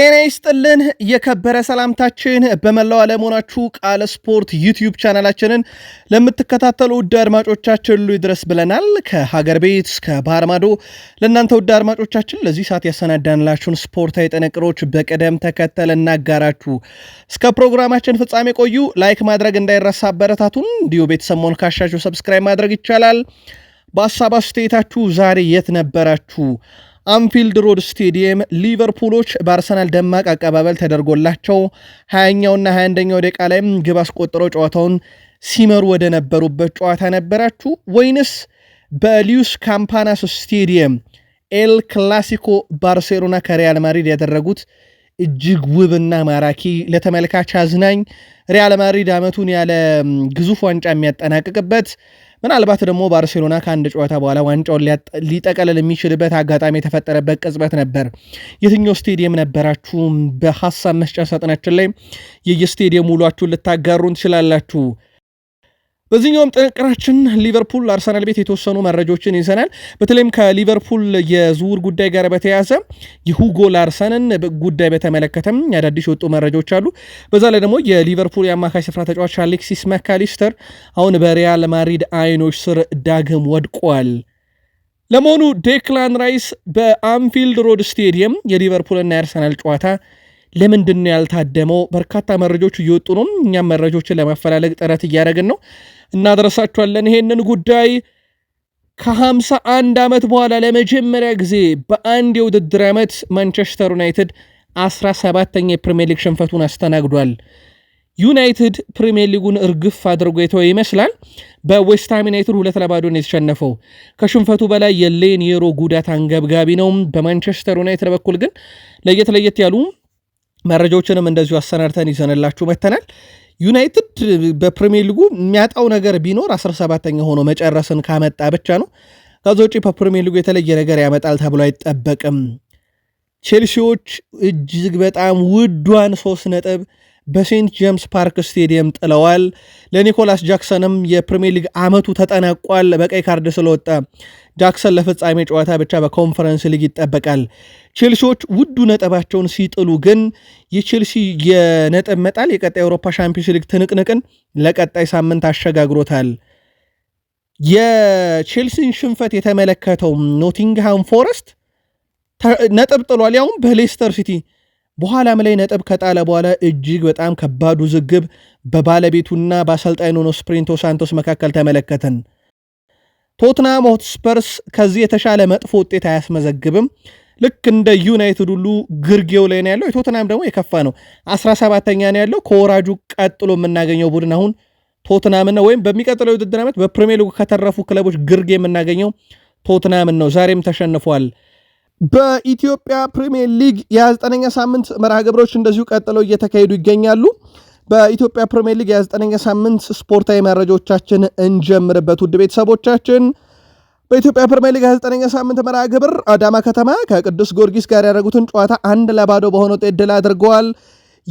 ጤና ይስጥልን የከበረ ሰላምታችን በመላው ዓለም ሆናችሁ ቃለ ስፖርት ዩቲዩብ ቻናላችንን ለምትከታተሉ ውድ አድማጮቻችን ሁሉ ይድረስ ብለናል። ከሀገር ቤት እስከ ባህር ማዶ ለእናንተ ውድ አድማጮቻችን ለዚህ ሰዓት ያሰናዳንላችሁን ስፖርታዊ ጥንቅሮች በቅደም ተከተል እናጋራችሁ። እስከ ፕሮግራማችን ፍጻሜ ቆዩ። ላይክ ማድረግ እንዳይረሳ፣ አበረታቱን። እንዲሁ ቤተሰሞን ካሻችሁ ሰብስክራይብ ማድረግ ይቻላል። በሀሳብ አስተያየታችሁ ዛሬ የት ነበራችሁ? አንፊልድ ሮድ ስቴዲየም ሊቨርፑሎች በአርሰናል ደማቅ አቀባበል ተደርጎላቸው 2 ኛውና 21ኛው ደቂቃ ላይም ግብ አስቆጥረው ጨዋታውን ሲመሩ ወደ ነበሩበት ጨዋታ ነበራችሁ ወይንስ በሊዩስ ካምፓናስ ስቴዲየም ኤል ክላሲኮ ባርሴሎና ከሪያል ማድሪድ ያደረጉት እጅግ ውብና ማራኪ ለተመልካች አዝናኝ ሪያል ማድሪድ ዓመቱን ያለ ግዙፍ ዋንጫ የሚያጠናቅቅበት ምናልባት ደግሞ ባርሴሎና ከአንድ ጨዋታ በኋላ ዋንጫውን ሊጠቀልል የሚችልበት አጋጣሚ የተፈጠረበት ቅጽበት ነበር። የትኛው ስቴዲየም ነበራችሁ? በሀሳብ መስጫ ሳጥናችን ላይ የየስቴዲየም ውሏችሁን ልታጋሩን ትችላላችሁ። በዚህኛውም ጥንቅራችን ሊቨርፑል አርሰናል ቤት የተወሰኑ መረጃዎችን ይዘናል። በተለይም ከሊቨርፑል የዝውውር ጉዳይ ጋር በተያያዘ የሁጎ ላርሰንን ጉዳይ በተመለከተም አዳዲስ የወጡ መረጃዎች አሉ። በዛ ላይ ደግሞ የሊቨርፑል የአማካይ ስፍራ ተጫዋች አሌክሲስ መካሊስተር አሁን በሪያል ማድሪድ አይኖች ስር ዳግም ወድቋል። ለመሆኑ ዴክላን ራይስ በአንፊልድ ሮድ ስቴዲየም የሊቨርፑልና የአርሰናል ጨዋታ ለምንድን ነው ያልታደመው? በርካታ መረጃዎች እየወጡ ነው። እኛም መረጃዎችን ለማፈላለግ ጥረት እያደረግን ነው፣ እናደረሳችኋለን ይሄንን ጉዳይ ከሃምሳ አንድ ዓመት በኋላ ለመጀመሪያ ጊዜ በአንድ የውድድር ዓመት ማንቸስተር ዩናይትድ 17ተኛ የፕሪምየር ሊግ ሽንፈቱን አስተናግዷል። ዩናይትድ ፕሪምየር ሊጉን እርግፍ አድርጎ የተወ ይመስላል። በዌስትሃም ዩናይትድ ሁለት ለባዶ ነው የተሸነፈው። ከሽንፈቱ በላይ የሌን የሮ ጉዳት አንገብጋቢ ነው። በማንቸስተር ዩናይትድ በኩል ግን ለየት ለየት ያሉ መረጃዎችንም እንደዚሁ አሰናድተን ይዘንላችሁ መተናል ዩናይትድ በፕሪሚየር ሊጉ የሚያጣው ነገር ቢኖር 17ተኛ ሆኖ መጨረስን ካመጣ ብቻ ነው። ከዛ ውጪ በፕሪሚየር ሊጉ የተለየ ነገር ያመጣል ተብሎ አይጠበቅም። ቼልሲዎች እጅግ በጣም ውዷን ሶስት ነጥብ በሴንት ጄምስ ፓርክ ስቴዲየም ጥለዋል። ለኒኮላስ ጃክሰንም የፕሪሚየር ሊግ ዓመቱ ተጠናቋል። በቀይ ካርድ ስለወጣ ጃክሰን ለፍጻሜ ጨዋታ ብቻ በኮንፈረንስ ሊግ ይጠበቃል። ቼልሲዎች ውዱ ነጥባቸውን ሲጥሉ ግን የቼልሲ የነጥብ መጣል የቀጣይ የአውሮፓ ሻምፒዮንስ ሊግ ትንቅንቅን ለቀጣይ ሳምንት አሸጋግሮታል። የቼልሲን ሽንፈት የተመለከተው ኖቲንግሃም ፎረስት ነጥብ ጥሏል፣ ያውም በሌስተር ሲቲ በኋላም ላይ ነጥብ ከጣለ በኋላ እጅግ በጣም ከባዱ ዝግብ በባለቤቱና በአሰልጣኝ ኑኖ ስፕሪንቶ ሳንቶስ መካከል ተመለከትን። ቶትናም ሆትስፐርስ ከዚህ የተሻለ መጥፎ ውጤት አያስመዘግብም። ልክ እንደ ዩናይትድ ሁሉ ግርጌው ላይ ነው ያለው። ቶትናም ደግሞ የከፋ ነው፣ 17ተኛ ነው ያለው። ከወራጁ ቀጥሎ የምናገኘው ቡድን አሁን ቶትናምን ነው፣ ወይም በሚቀጥለው የውድድር ዓመት በፕሪሚየር ሊጉ ከተረፉ ክለቦች ግርጌ የምናገኘው ቶትናምን ነው። ዛሬም ተሸንፏል። በኢትዮጵያ ፕሪሚየር ሊግ የ 9 ኛ ሳምንት መርሃ ግብሮች እንደዚሁ ቀጥለው እየተካሄዱ ይገኛሉ። በኢትዮጵያ ፕሪሚየር ሊግ የ 9 ኛ ሳምንት ስፖርታዊ መረጃዎቻችን እንጀምርበት ውድ ቤተሰቦቻችን በኢትዮጵያ ፕሪሚየር ሊግ 29ኛ ሳምንት መርሃ ግብር አዳማ ከተማ ከቅዱስ ጊዮርጊስ ጋር ያደረጉትን ጨዋታ አንድ ለባዶ በሆነ ውጤት ድል አድርገዋል።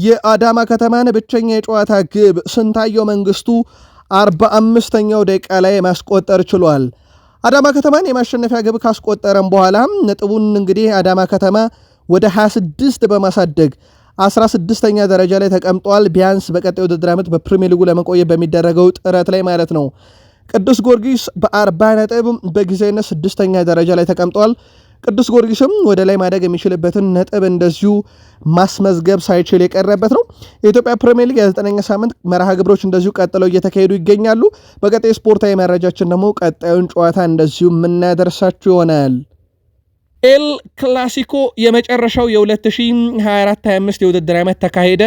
የአዳማ ከተማን ብቸኛ የጨዋታ ግብ ስንታየው መንግስቱ 45ኛው ደቂቃ ላይ ማስቆጠር ችሏል። አዳማ ከተማን የማሸነፊያ ግብ ካስቆጠረም በኋላ ነጥቡን እንግዲህ አዳማ ከተማ ወደ 26 በማሳደግ 16ኛ ደረጃ ላይ ተቀምጧል። ቢያንስ በቀጣዩ ውድድር ዓመት በፕሪሚየር ሊጉ ለመቆየት በሚደረገው ጥረት ላይ ማለት ነው። ቅዱስ ጊዮርጊስ በአርባ ነጥብ በጊዜነት ስድስተኛ ደረጃ ላይ ተቀምጧል። ቅዱስ ጊዮርጊስም ወደ ላይ ማደግ የሚችልበትን ነጥብ እንደዚሁ ማስመዝገብ ሳይችል የቀረበት ነው። የኢትዮጵያ ፕሪምየር ሊግ የዘጠነኛ ሳምንት መርሃ ግብሮች እንደዚሁ ቀጥለው እየተካሄዱ ይገኛሉ። በቀጣይ ስፖርታዊ መረጃችን ደግሞ ቀጣዩን ጨዋታ እንደዚሁ የምናደርሳችሁ ይሆናል። ኤል ክላሲኮ የመጨረሻው የ2024/25 የውድድር ዓመት ተካሄደ።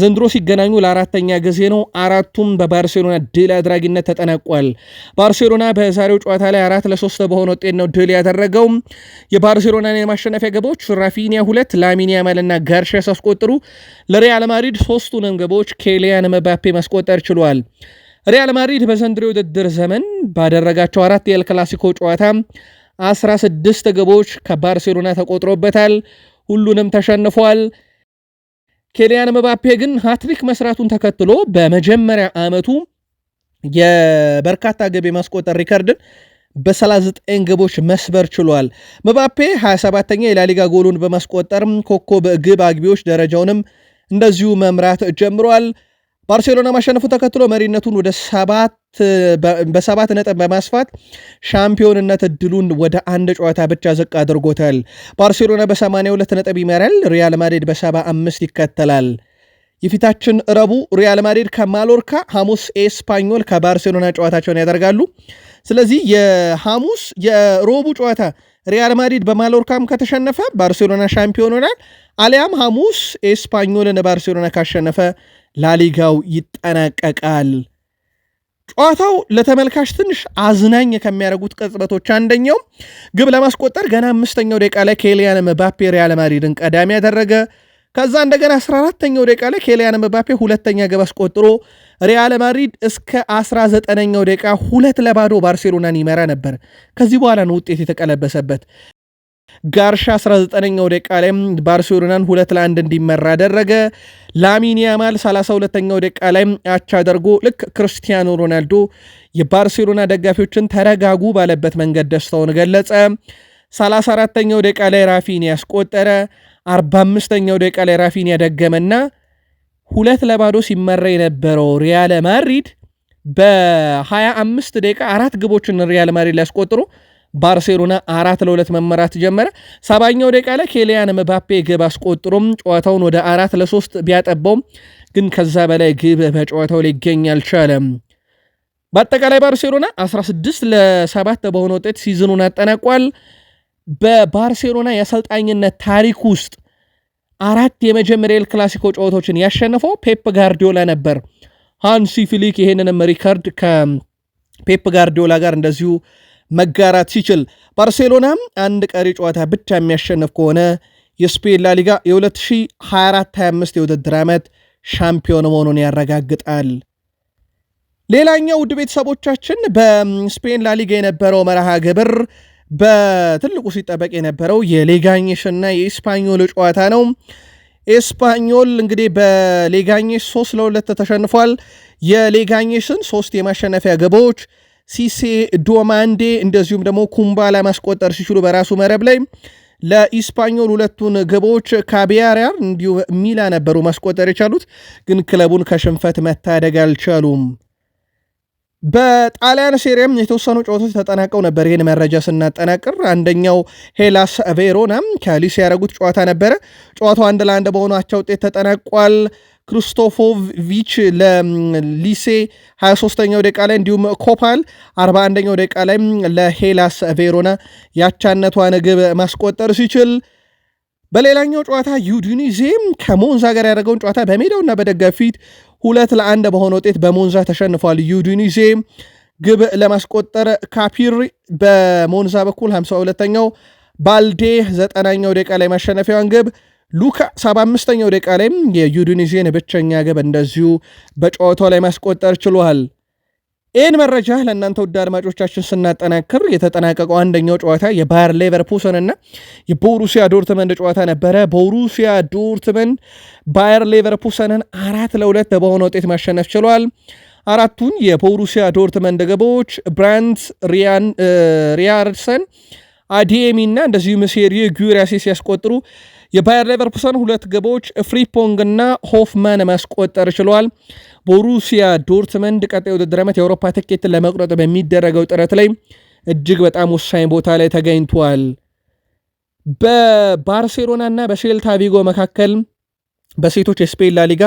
ዘንድሮ ሲገናኙ ለአራተኛ ጊዜ ነው። አራቱም በባርሴሎና ድል አድራጊነት ተጠናቋል። ባርሴሎና በዛሬው ጨዋታ ላይ አራት ለሶስት በሆነ ውጤት ነው ድል ያደረገው። የባርሴሎናን የማሸነፊያ ግቦች ራፊኒያ ሁለት፣ ላሚን ያማልና ጋርሼስ አስቆጥሩ። ለሪያል ማድሪድ ሶስቱንም ግቦች ኬሊያን መባፔ ማስቆጠር ችሏል። ሪያል ማድሪድ በዘንድሮ የውድድር ዘመን ባደረጋቸው አራት የኤል ክላሲኮ ጨዋታ 16 ግቦች ከባርሴሎና ተቆጥሮበታል። ሁሉንም ተሸንፏል። ኬሊያን መባፔ ግን ሃትሪክ መስራቱን ተከትሎ በመጀመሪያ ዓመቱ የበርካታ ግብ የማስቆጠር ሪከርድን በ39 ግቦች መስበር ችሏል። መባፔ 27ተኛ የላሊጋ ጎሉን በማስቆጠር ኮከብ ግብ አግቢዎች ደረጃውንም እንደዚሁ መምራት ጀምሯል። ባርሴሎና ማሸነፉ ተከትሎ መሪነቱን ወደ ሰባት በሰባት ነጥብ በማስፋት ሻምፒዮንነት እድሉን ወደ አንድ ጨዋታ ብቻ ዝቅ አድርጎታል። ባርሴሎና በ82 ነጥብ ይመራል። ሪያል ማድሪድ በ አምስት ይከተላል። የፊታችን ረቡ ሪያል ማድሪድ ከማሎርካ፣ ሐሙስ ኤስፓኞል ከባርሴሎና ጨዋታቸውን ያደርጋሉ። ስለዚህ የሐሙስ የሮቡ ጨዋታ ሪያል ማድሪድ በማሎርካም ከተሸነፈ ባርሴሎና ሻምፒዮን ሆናል። አሊያም ሐሙስ ኤስፓኞልን ባርሴሎና ካሸነፈ ላሊጋው ይጠናቀቃል። ጨዋታው ለተመልካች ትንሽ አዝናኝ ከሚያደርጉት ቅጽበቶች አንደኛው ግብ ለማስቆጠር ገና አምስተኛው ደቂቃ ላይ ኬልያን መባፔ ሪያል ማድሪድን ቀዳሚ ያደረገ ከዛ እንደገና 14ተኛው ደቂቃ ላይ ኬልያን መባፔ ሁለተኛ ግብ አስቆጥሮ ሪያል ማድሪድ እስከ 19ኛው ደቂቃ ሁለት ለባዶ ባርሴሎናን ይመራ ነበር። ከዚህ በኋላ ነው ውጤት የተቀለበሰበት። ጋርሻ 19ኛው ደቂቃ ላይ ባርሴሎናን ሁለት ለአንድ እንዲመራ አደረገ። ላሚን ያማል 32ኛው ደቂቃ ላይ አቻ አደርጎ ልክ ክርስቲያኖ ሮናልዶ የባርሴሎና ደጋፊዎችን ተረጋጉ ባለበት መንገድ ደስታውን ገለጸ። 34ኛው ደቂቃ ላይ ራፊን ያስቆጠረ። 45ኛው ደቂቃ ላይ ራፊን ያደገመና ሁለት ለባዶ ሲመራ የነበረው ሪያል ማድሪድ በ25 ደቂቃ አራት ግቦችን ሪያል ማድሪድ ሊያስቆጥሩ ባርሴሎና አራት ለሁለት መመራት ጀመረ። ሰባኛው ደቂቃ ላይ ኬሊያን መባፔ ግብ አስቆጥሮም ጨዋታውን ወደ አራት ለሶስት ቢያጠባውም ግን ከዛ በላይ ግብ በጨዋታው ሊገኝ አልቻለም። በአጠቃላይ ባርሴሎና 16 ለሰባት በሆነ ውጤት ሲዝኑን አጠናቋል። በባርሴሎና የአሰልጣኝነት ታሪክ ውስጥ አራት የመጀመሪያ ኤል ክላሲኮ ጨዋታዎችን ያሸነፈው ፔፕ ጋርዲዮላ ነበር። ሃንሲ ፊሊክ ይህንንም ሪከርድ ከፔፕ ጋርዲዮላ ጋር እንደዚሁ መጋራት ሲችል ባርሴሎናም አንድ ቀሪ ጨዋታ ብቻ የሚያሸንፍ ከሆነ የስፔን ላሊጋ የ2024/25 የውድድር ዓመት ሻምፒዮን መሆኑን ያረጋግጣል። ሌላኛው ውድ ቤተሰቦቻችን በስፔን ላሊጋ የነበረው መርሃ ግብር በትልቁ ሲጠበቅ የነበረው የሌጋኝሽና የኢስፓኞል ጨዋታ ነው። ኤስፓኞል እንግዲህ በሌጋኝሽ ሶስት ለሁለት ተሸንፏል። የሌጋኝሽን ሶስት የማሸነፊያ ግቦች ሲሴ፣ ዶማንዴ እንደዚሁም ደግሞ ኩምባላ ማስቆጠር ሲችሉ በራሱ መረብ ላይ ለኢስፓኞል ሁለቱን ግቦች ካቢያሪያር እንዲሁም ሚላ ነበሩ ማስቆጠር የቻሉት ግን ክለቡን ከሽንፈት መታደግ አልቻሉም። በጣሊያን ሴሪያም የተወሰኑ ጨዋታዎች ተጠናቀው ነበር። ይህን መረጃ ስናጠናቅር አንደኛው ሄላስ ቬሮና ከሊስ ያደረጉት ጨዋታ ነበረ። ጨዋታው አንድ ለአንድ በሆናቸው ውጤት ተጠናቋል። ክሪስቶፎቪች ለሊሴ 23ኛው ደቂቃ ላይ እንዲሁም ኮፓል 41ኛው ደቂቃ ላይ ለሄላስ ቬሮና ያቻነቷን ግብ ማስቆጠር ሲችል በሌላኛው ጨዋታ ዩዲኒዜም ከሞንዛ ጋር ያደረገውን ጨዋታ በሜዳውና በደጋፊ ፊት ሁለት ለአንድ በሆነ ውጤት በሞንዛ ተሸንፏል። ዩዲኒዜ ግብ ለማስቆጠር ካፒር በሞንዛ በኩል 52ኛው ባልዴ ዘጠናኛው ደቂቃ ላይ ማሸነፊያዋን ግብ ሉካ 75ኛው ደቂቃ ላይም የዩዱኒዜን ብቸኛ ግብ እንደዚሁ በጨዋታው ላይ ማስቆጠር ችሏል። ይህን መረጃ ለእናንተ ውድ አድማጮቻችን ስናጠናክር የተጠናቀቀው አንደኛው ጨዋታ የባየር ሌቨርፑሰን እና የቦሩሲያ ዶርትመንድ ጨዋታ ነበረ። ቦሩሲያ ዶርትመንድ ባየር ሌቨርፑሰንን አራት ለሁለት በሆነ ውጤት ማሸነፍ ችሏል። አራቱን የቦሩሲያ ዶርትመንድ ግቦች ብራንት ሪያርሰን፣ አዲየሚ እና እንደዚሁ ምሴሪ ጉራሲስ ሲያስቆጥሩ የባየር ሌቨርኩሰን ሁለት ግቦች ፍሪፖንግ እና ሆፍማን ማስቆጠር ችለዋል። ቦሩሲያ ዶርትመንድ ቀጣይ ውድድር ዓመት የአውሮፓ ትኬትን ለመቁረጥ በሚደረገው ጥረት ላይ እጅግ በጣም ወሳኝ ቦታ ላይ ተገኝቷል። በባርሴሎና እና በሴልታ ቪጎ መካከል በሴቶች የስፔን ላሊጋ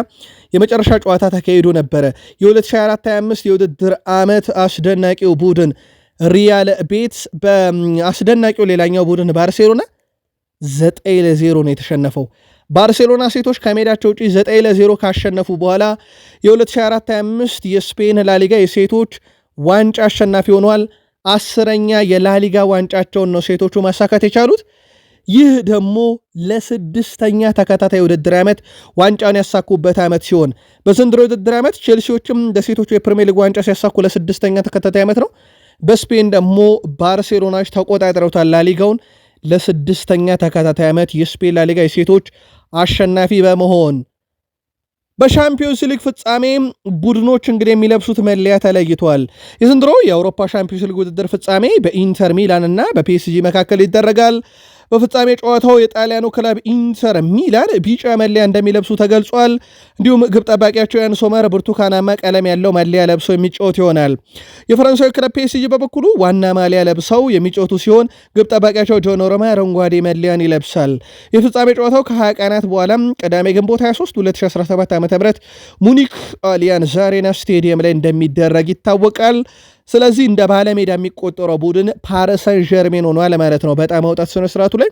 የመጨረሻ ጨዋታ ተካሂዶ ነበረ። የ2024/25 የውድድር ዓመት አስደናቂው ቡድን ሪያል ቤትስ በአስደናቂው ሌላኛው ቡድን ባርሴሎና ዘጠኝ ለዜሮ ነው የተሸነፈው። ባርሴሎና ሴቶች ከሜዳቸው ውጪ ዘጠኝ ለዜሮ ካሸነፉ በኋላ የ2024/25 የስፔን ላሊጋ የሴቶች ዋንጫ አሸናፊ ሆነዋል። አስረኛ የላሊጋ ዋንጫቸውን ነው ሴቶቹ ማሳካት የቻሉት። ይህ ደግሞ ለስድስተኛ ተከታታይ ውድድር ዓመት ዋንጫውን ያሳኩበት ዓመት ሲሆን በዘንድሮ ውድድር ዓመት ቼልሲዎችም ለሴቶቹ የፕሪሚየር ሊግ ዋንጫ ሲያሳኩ ለስድስተኛ ተከታታይ ዓመት ነው። በስፔን ደግሞ ባርሴሎናዎች ተቆጣጥረውታል ላሊጋውን። ለስድስተኛ ተከታታይ ዓመት የስፔን ላሊጋ የሴቶች አሸናፊ በመሆን በሻምፒዮንስ ሊግ ፍጻሜ ቡድኖች እንግዲህ የሚለብሱት መለያ ተለይቷል። የዘንድሮ የአውሮፓ ሻምፒዮንስ ሊግ ውድድር ፍጻሜ በኢንተር ሚላን እና በፒኤስጂ መካከል ይደረጋል። በፍጻሜ ጨዋታው የጣሊያኑ ክለብ ኢንተር ሚላን ቢጫ መለያ እንደሚለብሱ ተገልጿል። እንዲሁም ግብ ጠባቂያቸው ያን ሶመር ብርቱካናማ ቀለም ያለው መለያ ለብሰው የሚጫወት ይሆናል። የፈረንሳዊ ክለብ ፔሲጂ በበኩሉ ዋና ማሊያ ለብሰው የሚጫወቱ ሲሆን ግብ ጠባቂያቸው ሮማ አረንጓዴ መለያን ይለብሳል። የፍጻሜ ጨዋታው ከ20 ቀናት በኋላም ቅዳሜ ግንቦት 23 2017 ዓ ም ሙኒክ አሊያን ዛሬና ስቴዲየም ላይ እንደሚደረግ ይታወቃል። ስለዚህ እንደ ባለሜዳ የሚቆጠረው ቡድን ፓሪሰን ጀርሜን ሆኗል ማለት ነው። በጣም መውጣት ስነስርዓቱ ላይ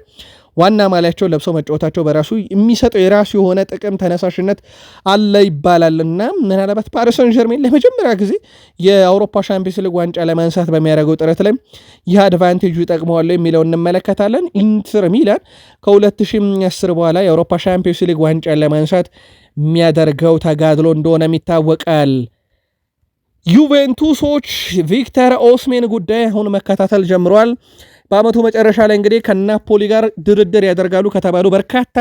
ዋና ማሊያቸው ለብሰው መጫወታቸው በራሱ የሚሰጠው የራሱ የሆነ ጥቅም ተነሳሽነት አለ ይባላል እና ምናልባት ፓሪሰን ጀርሜን ለመጀመሪያ ጊዜ የአውሮፓ ሻምፒዮንስ ሊግ ዋንጫ ለማንሳት በሚያደርገው ጥረት ላይ ይህ አድቫንቴጁ ይጠቅመዋል የሚለው እንመለከታለን። ኢንትር ሚላን ከ2010 በኋላ የአውሮፓ ሻምፒዮንስ ሊግ ዋንጫ ለማንሳት የሚያደርገው ተጋድሎ እንደሆነ ይታወቃል። ዩቬንቱሶች ቪክተር ኦስሜን ጉዳይ አሁን መከታተል ጀምረዋል። በአመቱ መጨረሻ ላይ እንግዲህ ከናፖሊ ጋር ድርድር ያደርጋሉ ከተባሉ በርካታ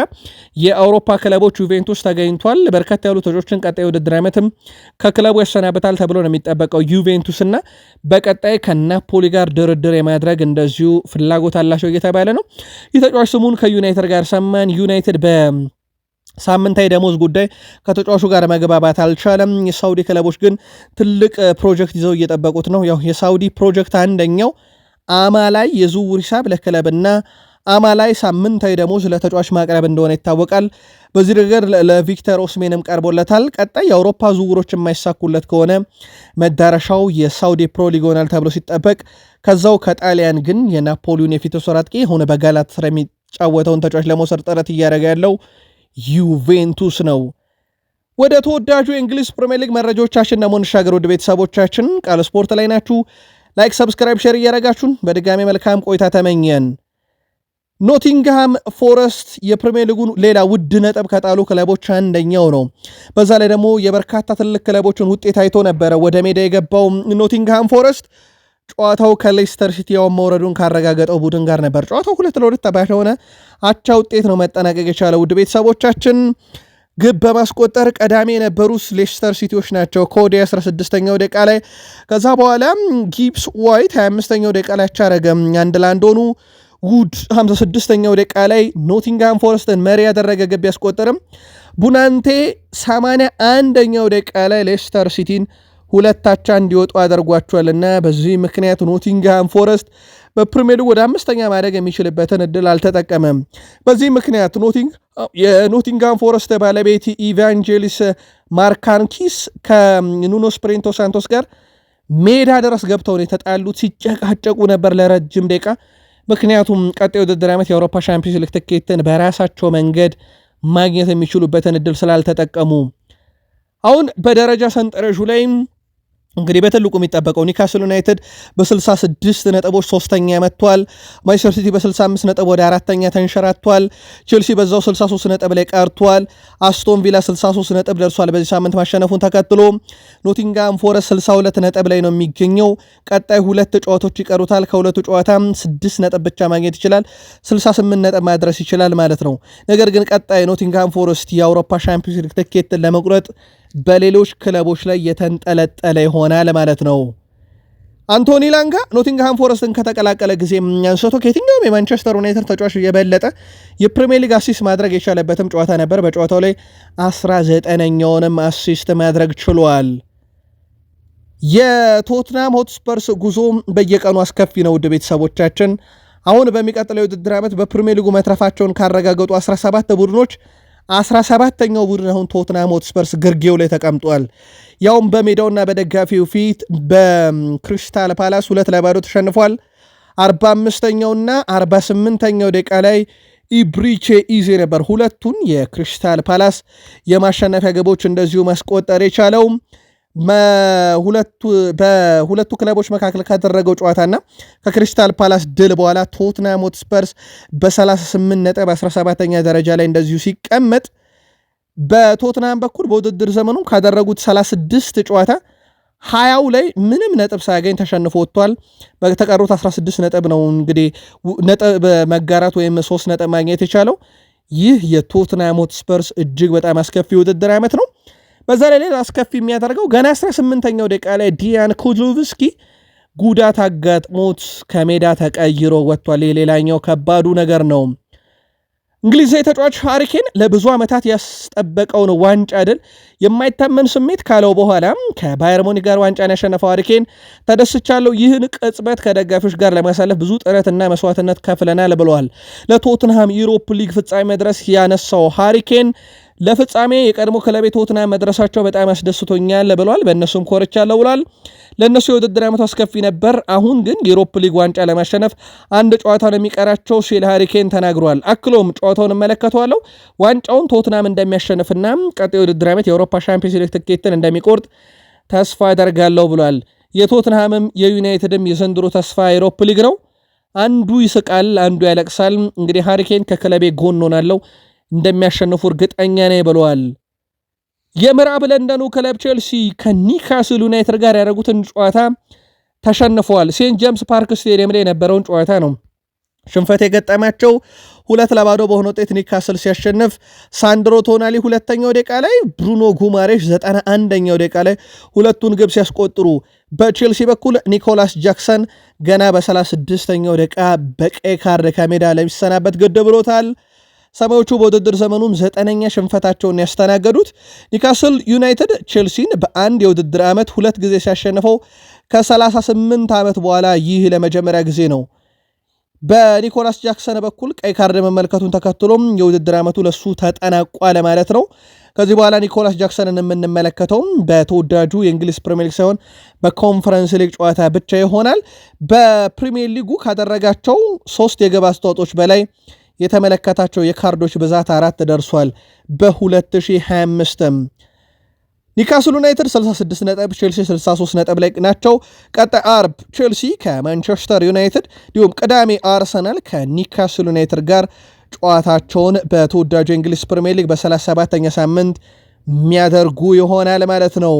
የአውሮፓ ክለቦች ዩቬንቱስ ተገኝቷል። በርካታ ያሉ ተጫዋቾችን ቀጣይ ውድድር ዓመትም ከክለቡ ያሰናበታል ተብሎ ነው የሚጠበቀው። ዩቬንቱስ እና በቀጣይ ከናፖሊ ጋር ድርድር የማድረግ እንደዚሁ ፍላጎት አላቸው እየተባለ ነው። የተጫዋች ስሙን ከዩናይትድ ጋር ሰማን። ዩናይትድ በ ሳምንታዊ ደሞዝ ጉዳይ ከተጫዋቹ ጋር መግባባት አልቻለም። የሳውዲ ክለቦች ግን ትልቅ ፕሮጀክት ይዘው እየጠበቁት ነው። ያው የሳውዲ ፕሮጀክት አንደኛው አማ ላይ የዝውውር ሂሳብ ለክለብና አማ ላይ ሳምንታዊ ደሞዝ ለተጫዋች ማቅረብ እንደሆነ ይታወቃል። በዚህ ነገር ለቪክተር ኦስሜንም ቀርቦለታል። ቀጣይ የአውሮፓ ዝውውሮች የማይሳኩለት ከሆነ መዳረሻው የሳውዲ ፕሮ ሊግ ይሆናል ተብሎ ሲጠበቅ ከዛው ከጣሊያን ግን የናፖሊዮን የፊት ሰራጥቂ የሆነ በጋላት ስራ የሚጫወተውን ተጫዋች ለመውሰድ ጥረት እያደረገ ያለው ዩቬንቱስ ነው። ወደ ተወዳጁ የእንግሊዝ ፕሪምየር ሊግ መረጃዎቻችን ደግሞ እንሻገር። ውድ ቤተሰቦቻችን ቃል ስፖርት ላይ ናችሁ። ላይክ፣ ሰብስክራይብ፣ ሼር እያረጋችሁን በድጋሚ መልካም ቆይታ ተመኘን። ኖቲንግሃም ፎረስት የፕሪምየር ሊጉን ሌላ ውድ ነጥብ ከጣሉ ክለቦች አንደኛው ነው። በዛ ላይ ደግሞ የበርካታ ትልቅ ክለቦችን ውጤት አይቶ ነበረ ወደ ሜዳ የገባው ኖቲንግሃም ፎረስት ጨዋታው ከሌስተር ሲቲ ያው መውረዱን ካረጋገጠው ቡድን ጋር ነበር። ጨዋታው ሁለት ለሁለት ባልሆነ አቻ ውጤት ነው መጠናቀቅ የቻለ። ውድ ቤተሰቦቻችን ግብ በማስቆጠር ቀዳሚ የነበሩት ሌስተር ሲቲዎች ናቸው ከወደ 16ኛው ደቂቃ ላይ። ከዛ በኋላ ጊብስ ዋይት 25ኛው ደቂቃ ላይ አቻረገ አንድ ለአንድ ሆኑ። ውድ 56ኛው ደቂቃ ላይ ኖቲንግሃም ፎረስትን መሪ ያደረገ ግብ ያስቆጠርም። ቡናንቴ 81ኛው ደቂቃ ላይ ሌስተር ሲቲን ሁለታቻ እንዲወጡ አድርጓቸዋልና በዚህ ምክንያት ኖቲንግሃም ፎረስት በፕሪሜሩ ወደ አምስተኛ ማደግ የሚችልበትን እድል አልተጠቀመም። በዚህ ምክንያት የኖቲንግሃም ፎረስት ባለቤት ኢቫንጀሊስ ማርካንኪስ ከኑኖ ስፕሪንቶ ሳንቶስ ጋር ሜዳ ድረስ ገብተው ነው የተጣሉት። ሲጨቃጨቁ ነበር ለረጅም ደቂቃ። ምክንያቱም ቀጣይ ውድድር ዓመት የአውሮፓ ሻምፒዮንስ ሊግ ትኬትን በራሳቸው መንገድ ማግኘት የሚችሉበትን እድል ስላልተጠቀሙ አሁን በደረጃ ሰንጠረዡ ላይም እንግዲህ በትልቁ የሚጠበቀው ኒካስል ዩናይትድ በ66 ነጥቦች ሶስተኛ መጥቷል። ማንቸስተር ሲቲ በ65 ነጥብ ወደ አራተኛ ተንሸራቷል። ቼልሲ በዛው 63 ነጥብ ላይ ቀርቷል። አስቶን ቪላ 63 ነጥብ ደርሷል። በዚህ ሳምንት ማሸነፉን ተከትሎ ኖቲንጋም ፎረስት 62 ነጥብ ላይ ነው የሚገኘው። ቀጣይ ሁለት ጨዋታዎች ይቀሩታል። ከሁለቱ ጨዋታም 6 ነጥብ ብቻ ማግኘት ይችላል። 68 ነጥብ ማድረስ ይችላል ማለት ነው። ነገር ግን ቀጣይ ኖቲንጋም ፎረስት የአውሮፓ ሻምፒዮንስ ሊግ ትኬትን ለመቁረጥ በሌሎች ክለቦች ላይ የተንጠለጠለ ይሆናል ማለት ነው። አንቶኒ ላንጋ ኖቲንግሃም ፎረስትን ከተቀላቀለ ጊዜ አንስቶ ከየትኛውም የማንቸስተር ዩናይትድ ተጫዋች የበለጠ የፕሪሚየር ሊግ አሲስት ማድረግ የቻለበትም ጨዋታ ነበር። በጨዋታው ላይ 19 ዘጠነኛውንም አሲስት ማድረግ ችሏል። የቶትናም ሆትስፐርስ ጉዞ በየቀኑ አስከፊ ነው። ውድ ቤተሰቦቻችን አሁን በሚቀጥለው የውድድር ዓመት በፕሪሚየር ሊጉ መትረፋቸውን ካረጋገጡ 17 ቡድኖች 17 ሰባተኛው ቡድን አሁን ቶትናም ሆትስፐርስ ግርጌው ላይ ተቀምጧል። ያውም በሜዳውና በደጋፊው ፊት በክሪስታል ፓላስ ሁለት ለባዶ ተሸንፏል። 45 45ኛውና 48ኛው ደቂቃ ላይ ኢብሪቼ ኢዜ ነበር ሁለቱን የክሪስታል ፓላስ የማሸነፊያ ግቦች እንደዚሁ ማስቆጠር የቻለው። በሁለቱ ክለቦች መካከል ካደረገው ጨዋታና ከክሪስታል ፓላስ ድል በኋላ ቶትናም ሆትስፐርስ በ38 ነጥብ 17ኛ ደረጃ ላይ እንደዚሁ ሲቀመጥ በቶትናም በኩል በውድድር ዘመኑ ካደረጉት 36 ጨዋታ ሀያው ላይ ምንም ነጥብ ሳያገኝ ተሸንፎ ወጥቷል። በተቀሩት 16 ነጥብ ነው እንግዲህ ነጥብ መጋራት ወይም ሶስት ነጥብ ማግኘት የቻለው። ይህ የቶትናም ሆትስፐርስ እጅግ በጣም አስከፊ ውድድር ዓመት ነው። በዛ ላይ ሌላ አስከፊ የሚያደርገው ገና 18ኛው ደቂቃ ላይ ዲያን ኩዝሉቭስኪ ጉዳት አጋጥሞት ከሜዳ ተቀይሮ ወጥቷል። የሌላኛው ከባዱ ነገር ነው። እንግሊዛዊ ተጫዋች ሃሪኬን ለብዙ ዓመታት ያስጠበቀውን ዋንጫ ድል የማይታመን ስሜት ካለው በኋላም ከባየር ሙኒክ ጋር ዋንጫን ያሸነፈው ሃሪኬን ተደስቻለሁ፣ ይህን ቅጽበት ከደጋፊዎች ጋር ለማሳለፍ ብዙ ጥረትና መስዋዕትነት ከፍለናል ብለዋል። ለቶትንሃም ዩሮፕ ሊግ ፍጻሜ መድረስ ያነሳው ሃሪኬን ለፍጻሜ የቀድሞ ክለቤ ቶትናም መድረሳቸው በጣም አስደስቶኛል ብሏል። በእነሱም ኮርቻለሁ ብሏል። ለእነሱ የውድድር ዓመቱ አስከፊ ነበር። አሁን ግን የዩሮፕ ሊግ ዋንጫ ለማሸነፍ አንድ ጨዋታ ነው የሚቀራቸው ሲል ሃሪኬን ተናግሯል። አክሎም ጨዋታውን እመለከተዋለሁ፣ ዋንጫውን ቶትናም እንደሚያሸንፍና ቀጣይ የውድድር ዓመት የአውሮፓ ሻምፒዮንስ ሊግ ትኬትን እንደሚቆርጥ ተስፋ አደርጋለሁ ብሏል። የቶትንሃምም የዩናይትድም የዘንድሮ ተስፋ የዩሮፕ ሊግ ነው። አንዱ ይስቃል፣ አንዱ ያለቅሳል። እንግዲህ ሃሪኬን ከክለቤ ጎን ሆናለው እንደሚያሸንፉ እርግጠኛ ነኝ ብለዋል። የምዕራብ ለንደኑ ክለብ ቼልሲ ከኒካስል ዩናይትድ ጋር ያደረጉትን ጨዋታ ተሸንፈዋል። ሴንት ጄምስ ፓርክ ስቴዲየም ላይ የነበረውን ጨዋታ ነው ሽንፈት የገጠማቸው። ሁለት ለባዶ በሆነ ውጤት ኒካስል ሲያሸንፍ ሳንድሮ ቶናሊ ሁለተኛው ደቂቃ ላይ፣ ብሩኖ ጉማሬሽ ዘጠና አንደኛው ደቂቃ ላይ ሁለቱን ግብ ሲያስቆጥሩ፣ በቼልሲ በኩል ኒኮላስ ጃክሰን ገና በ36ኛው ደቂቃ በቀይ ካርድ ከሜዳ ለሚሰናበት ግድ ብሎታል። ሰማዮቹ በውድድር ዘመኑም ዘጠነኛ ሽንፈታቸውን ያስተናገዱት ኒካስል ዩናይትድ ቼልሲን በአንድ የውድድር ዓመት ሁለት ጊዜ ሲያሸንፈው ከ38 ዓመት በኋላ ይህ ለመጀመሪያ ጊዜ ነው። በኒኮላስ ጃክሰን በኩል ቀይ ካርድ መመልከቱን ተከትሎም የውድድር ዓመቱ ለሱ ተጠናቋ ለማለት ነው። ከዚህ በኋላ ኒኮላስ ጃክሰንን የምንመለከተውም በተወዳጁ የእንግሊዝ ፕሪሚየር ሊግ ሳይሆን በኮንፈረንስ ሊግ ጨዋታ ብቻ ይሆናል። በፕሪሚየር ሊጉ ካደረጋቸው ሶስት የግብ አስተዋጽኦች በላይ የተመለከታቸው የካርዶች ብዛት አራት ደርሷል። በ2025ም ኒካስል ዩናይትድ 66 ነጥብ፣ ቼልሲ 63 ነጥብ ላይ ናቸው። ቀጣይ አርብ ቼልሲ ከማንቸስተር ዩናይትድ እንዲሁም ቅዳሜ አርሰናል ከኒካስል ዩናይትድ ጋር ጨዋታቸውን በተወዳጁ እንግሊዝ ፕሪምየር ሊግ በ37ኛ ሳምንት የሚያደርጉ ይሆናል ማለት ነው።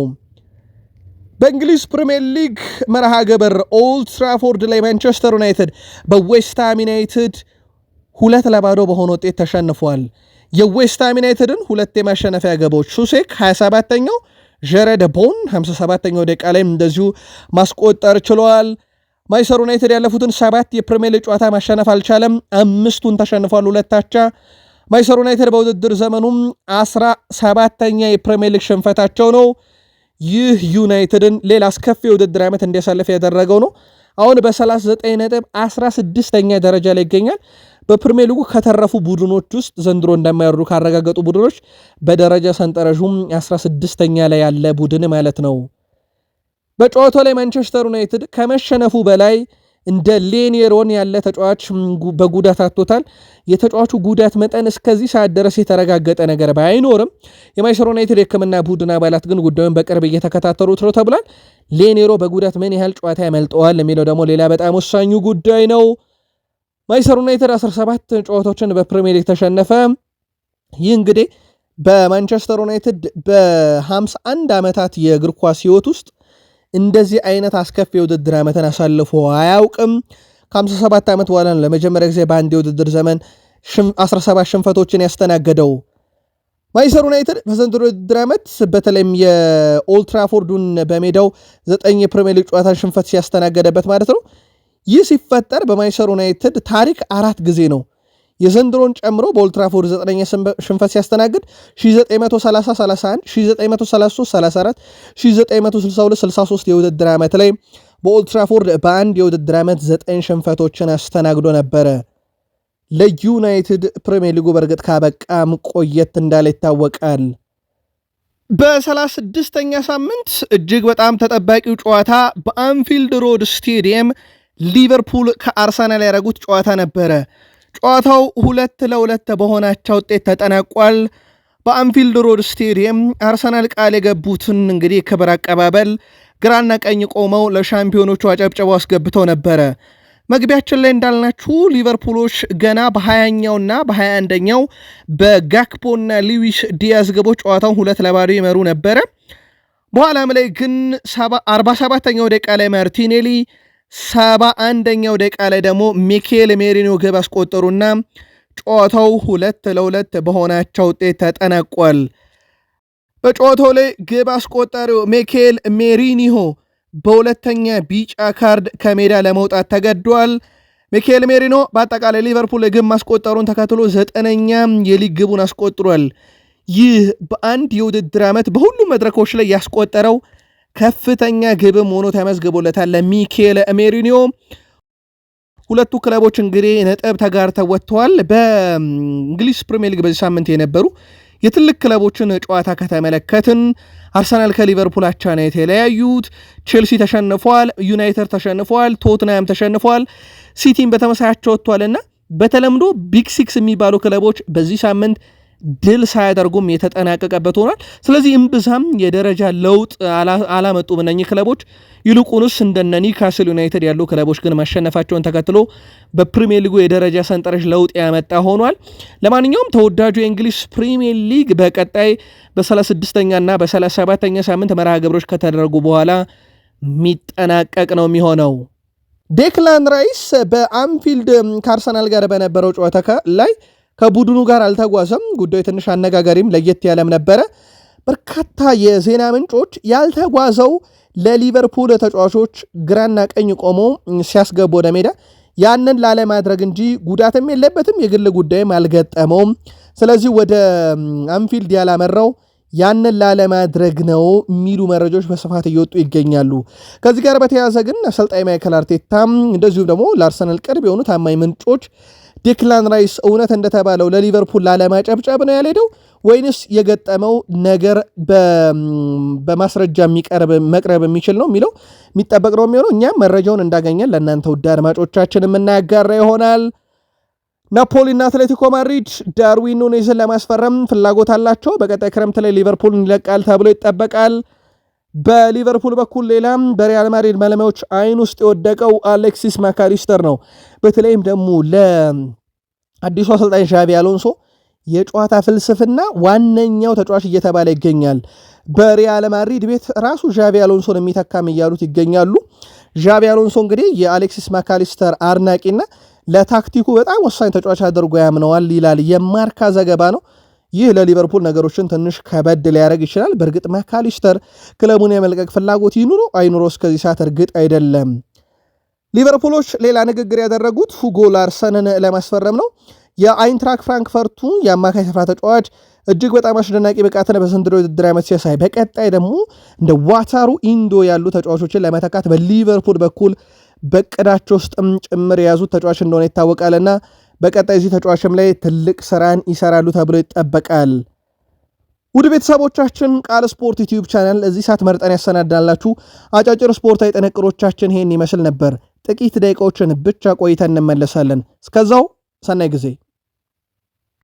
በእንግሊዝ ፕሪምየር ሊግ መርሃ ግብር ኦልድ ትራፎርድ ላይ ማንቸስተር ዩናይትድ በዌስትሃም ዩናይትድ ሁለት ለባዶ በሆነ ውጤት ተሸንፏል። የዌስትሃም ዩናይትድን ሁለት የማሸነፊያ ገቦች ሱሴክ 27ኛው፣ ጀረደ ቦን 57ኛው ደቂቃ ላይም እንደዚሁ ማስቆጠር ችለዋል። ማይሰር ዩናይትድ ያለፉትን ሰባት የፕሪሚየር ሊግ ጨዋታ ማሸነፍ አልቻለም። አምስቱን ተሸንፏል፣ ሁለታቻ። ማይሰር ዩናይትድ በውድድር ዘመኑም 17ተኛ የፕሪሚየር ሊግ ሽንፈታቸው ነው። ይህ ዩናይትድን ሌላ አስከፊ የውድድር ዓመት እንዲያሳልፍ ያደረገው ነው። አሁን በ39 ነጥብ 16ኛ ደረጃ ላይ ይገኛል። በፕሪሚየር ሊጉ ከተረፉ ቡድኖች ውስጥ ዘንድሮ እንደማይወርዱ ካረጋገጡ ቡድኖች በደረጃ ሰንጠረዡም 16ኛ ላይ ያለ ቡድን ማለት ነው። በጨዋታው ላይ ማንቸስተር ዩናይትድ ከመሸነፉ በላይ እንደ ሌኔሮን ያለ ተጫዋች በጉዳት አጥቶታል። የተጫዋቹ ጉዳት መጠን እስከዚህ ሰዓት ድረስ የተረጋገጠ ነገር ባይኖርም የማንቸስተር ዩናይትድ የሕክምና ቡድን አባላት ግን ጉዳዩን በቅርብ እየተከታተሉት ነው ተብሏል። ሌኔሮ በጉዳት ምን ያህል ጨዋታ ያመልጠዋል የሚለው ደግሞ ሌላ በጣም ወሳኙ ጉዳይ ነው። ማንቸስተር ዩናይትድ 17 ጨዋታዎችን በፕሪሚየር ሊግ ተሸነፈ። ይህ እንግዲህ በማንቸስተር ዩናይትድ በ51 ዓመታት የእግር ኳስ ህይወት ውስጥ እንደዚህ አይነት አስከፊ የውድድር ዓመትን አሳልፎ አያውቅም። ከ57 ዓመት በኋላ ለመጀመሪያ ጊዜ በአንድ የውድድር ዘመን 17 ሽንፈቶችን ያስተናገደው ማንቸስተር ዩናይትድ በዘንድሮ ውድድር ዓመት በተለይም የኦልትራፎርዱን በሜዳው ዘጠኝ የፕሪሚየር ሊግ ጨዋታን ሽንፈት ሲያስተናገደበት ማለት ነው ይህ ሲፈጠር በማንቸስተር ዩናይትድ ታሪክ አራት ጊዜ ነው። የዘንድሮን ጨምሮ በኦልትራፎርድ ዘጠነኛ ሽንፈት ሲያስተናግድ 1930/31 የውድድር ዓመት ላይ በኦልትራፎርድ በአንድ የውድድር ዓመት ዘጠኝ ሽንፈቶችን አስተናግዶ ነበረ። ለዩናይትድ ፕሪምየር ሊጉ በእርግጥ ካበቃም ቆየት እንዳለ ይታወቃል። በ 36 ተኛ ሳምንት እጅግ በጣም ተጠባቂው ጨዋታ በአንፊልድ ሮድ ስቴዲየም ሊቨርፑል ከአርሰናል ያደረጉት ጨዋታ ነበረ። ጨዋታው ሁለት ለሁለት በሆናቸው ውጤት ተጠናቋል። በአንፊልድ ሮድ ስቴዲየም አርሰናል ቃል የገቡትን እንግዲህ ክብር አቀባበል ግራና ቀኝ ቆመው ለሻምፒዮኖቹ አጨብጨቦ አስገብተው ነበረ። መግቢያችን ላይ እንዳልናችሁ ሊቨርፑሎች ገና በ20ኛውና በሀያኛውና በሀያ አንደኛው በጋክፖና ሊዊስ ዲያዝ ግቦች ጨዋታውን ሁለት ለባዶ ይመሩ ነበረ። በኋላም ላይ ግን 47ኛው ደቂቃ ላይ ማርቲኔሊ ሰባ አንደኛው ደቂቃ ላይ ደግሞ ሚኬል ሜሪኖ ግብ አስቆጠሩና ጨዋታው ሁለት ለሁለት በሆናቸው ውጤት ተጠናቋል። በጨዋታው ላይ ግብ አስቆጠሪው ሚኬል ሜሪኒሆ በሁለተኛ ቢጫ ካርድ ከሜዳ ለመውጣት ተገዷል። ሚኬል ሜሪኖ በአጠቃላይ ሊቨርፑል ግብ ማስቆጠሩን ተከትሎ ዘጠነኛ የሊግ ግቡን አስቆጥሯል። ይህ በአንድ የውድድር ዓመት በሁሉም መድረኮች ላይ ያስቆጠረው ከፍተኛ ግብም ሆኖ ተመዝግቦለታል ለሚኬል ሜሪኒዮ። ሁለቱ ክለቦች እንግዲህ ነጥብ ተጋርተው ወጥተዋል። በእንግሊዝ ፕሪሚየር ሊግ በዚህ ሳምንት የነበሩ የትልቅ ክለቦችን ጨዋታ ከተመለከትን አርሰናል ከሊቨርፑል አቻ ነው የተለያዩት። ቼልሲ ተሸንፏል፣ ዩናይትድ ተሸንፏል፣ ቶትናም ተሸንፏል፣ ሲቲም በተመሳያቸው ወጥቷልና በተለምዶ ቢግ ሲክስ የሚባሉ ክለቦች በዚህ ሳምንት ድል ሳያደርጉም የተጠናቀቀበት ሆኗል። ስለዚህ እምብዛም የደረጃ ለውጥ አላመጡም እነኚህ ክለቦች። ይልቁንስ እንደነ ኒካስል ዩናይትድ ያሉ ክለቦች ግን ማሸነፋቸውን ተከትሎ በፕሪሚየር ሊጉ የደረጃ ሰንጠረዥ ለውጥ ያመጣ ሆኗል። ለማንኛውም ተወዳጁ የእንግሊዝ ፕሪሚየር ሊግ በቀጣይ በ36ኛና በ37ኛ ሳምንት መርሃ ግብሮች ከተደረጉ በኋላ የሚጠናቀቅ ነው የሚሆነው። ዴክላን ራይስ በአንፊልድ ከአርሰናል ጋር በነበረው ጨዋታ ላይ ከቡድኑ ጋር አልተጓዘም። ጉዳዩ ትንሽ አነጋጋሪም ለየት ያለም ነበረ። በርካታ የዜና ምንጮች ያልተጓዘው ለሊቨርፑል ተጫዋቾች ግራና ቀኝ ቆሞ ሲያስገቡ ወደ ሜዳ ያንን ላለማድረግ እንጂ ጉዳትም የለበትም፣ የግል ጉዳይም አልገጠመውም። ስለዚህ ወደ አንፊልድ ያላመራው ያንን ላለማድረግ ነው የሚሉ መረጃዎች በስፋት እየወጡ ይገኛሉ። ከዚህ ጋር በተያያዘ ግን አሰልጣኝ ማይከል አርቴታም እንደዚሁም ደግሞ ለአርሰናል ቅርብ የሆኑ ታማኝ ምንጮች ዲክላን ራይስ እውነት እንደተባለው ለሊቨርፑል ላለማጨብጨብ ነው ያልሄደው ወይንስ የገጠመው ነገር በማስረጃ የሚቀርብ መቅረብ የሚችል ነው የሚለው የሚጠበቅ ነው የሚሆነው። እኛም መረጃውን እንዳገኘን ለእናንተ ውድ አድማጮቻችን የምናያጋራ ይሆናል። ናፖሊና አትሌቲኮ ማድሪድ ዳርዊን ኑኔዝን ለማስፈረም ፍላጎት አላቸው። በቀጣይ ክረምት ላይ ሊቨርፑልን ይለቃል ተብሎ ይጠበቃል። በሊቨርፑል በኩል ሌላም በሪያል ማድሪድ መለማዮች አይን ውስጥ የወደቀው አሌክሲስ ማካሊስተር ነው። በተለይም ደግሞ ለአዲሱ አሰልጣኝ ሻቢ አሎንሶ የጨዋታ ፍልስፍና ዋነኛው ተጫዋች እየተባለ ይገኛል። በሪያል ማድሪድ ቤት ራሱ ዣቢ አሎንሶን የሚተካም እያሉት ይገኛሉ። ዣቢ አሎንሶ እንግዲህ የአሌክሲስ ማካሊስተር አድናቂና ለታክቲኩ በጣም ወሳኝ ተጫዋች አድርጎ ያምነዋል ይላል የማርካ ዘገባ ነው። ይህ ለሊቨርፑል ነገሮችን ትንሽ ከበድ ሊያደርግ ይችላል። በእርግጥ መካሊስተር ክለቡን የመልቀቅ ፍላጎት ይኑሮ አይኑሮ እስከዚህ ሰዓት እርግጥ አይደለም። ሊቨርፑሎች ሌላ ንግግር ያደረጉት ሁጎ ላርሰንን ለማስፈረም ነው። የአይንትራክ ፍራንክፈርቱ የአማካይ ስፍራ ተጫዋች እጅግ በጣም አስደናቂ ብቃትን በዘንድሮ የውድድር ዓመት ሲያሳይ በቀጣይ ደግሞ እንደ ዋታሩ ኢንዶ ያሉ ተጫዋቾችን ለመተካት በሊቨርፑል በኩል በቅዳቸው ውስጥም ጭምር የያዙት ተጫዋች እንደሆነ ይታወቃልና በቀጣይ እዚህ ተጫዋችም ላይ ትልቅ ስራን ይሰራሉ ተብሎ ይጠበቃል። ውድ ቤተሰቦቻችን ቃል ስፖርት ዩቲዩብ ቻናል እዚህ ሰዓት መርጠን ያሰናዳላችሁ አጫጭር ስፖርታዊ ጥንቅሮቻችን ይህን ይመስል ነበር። ጥቂት ደቂቃዎችን ብቻ ቆይተን እንመለሳለን። እስከዛው ሰናይ ጊዜ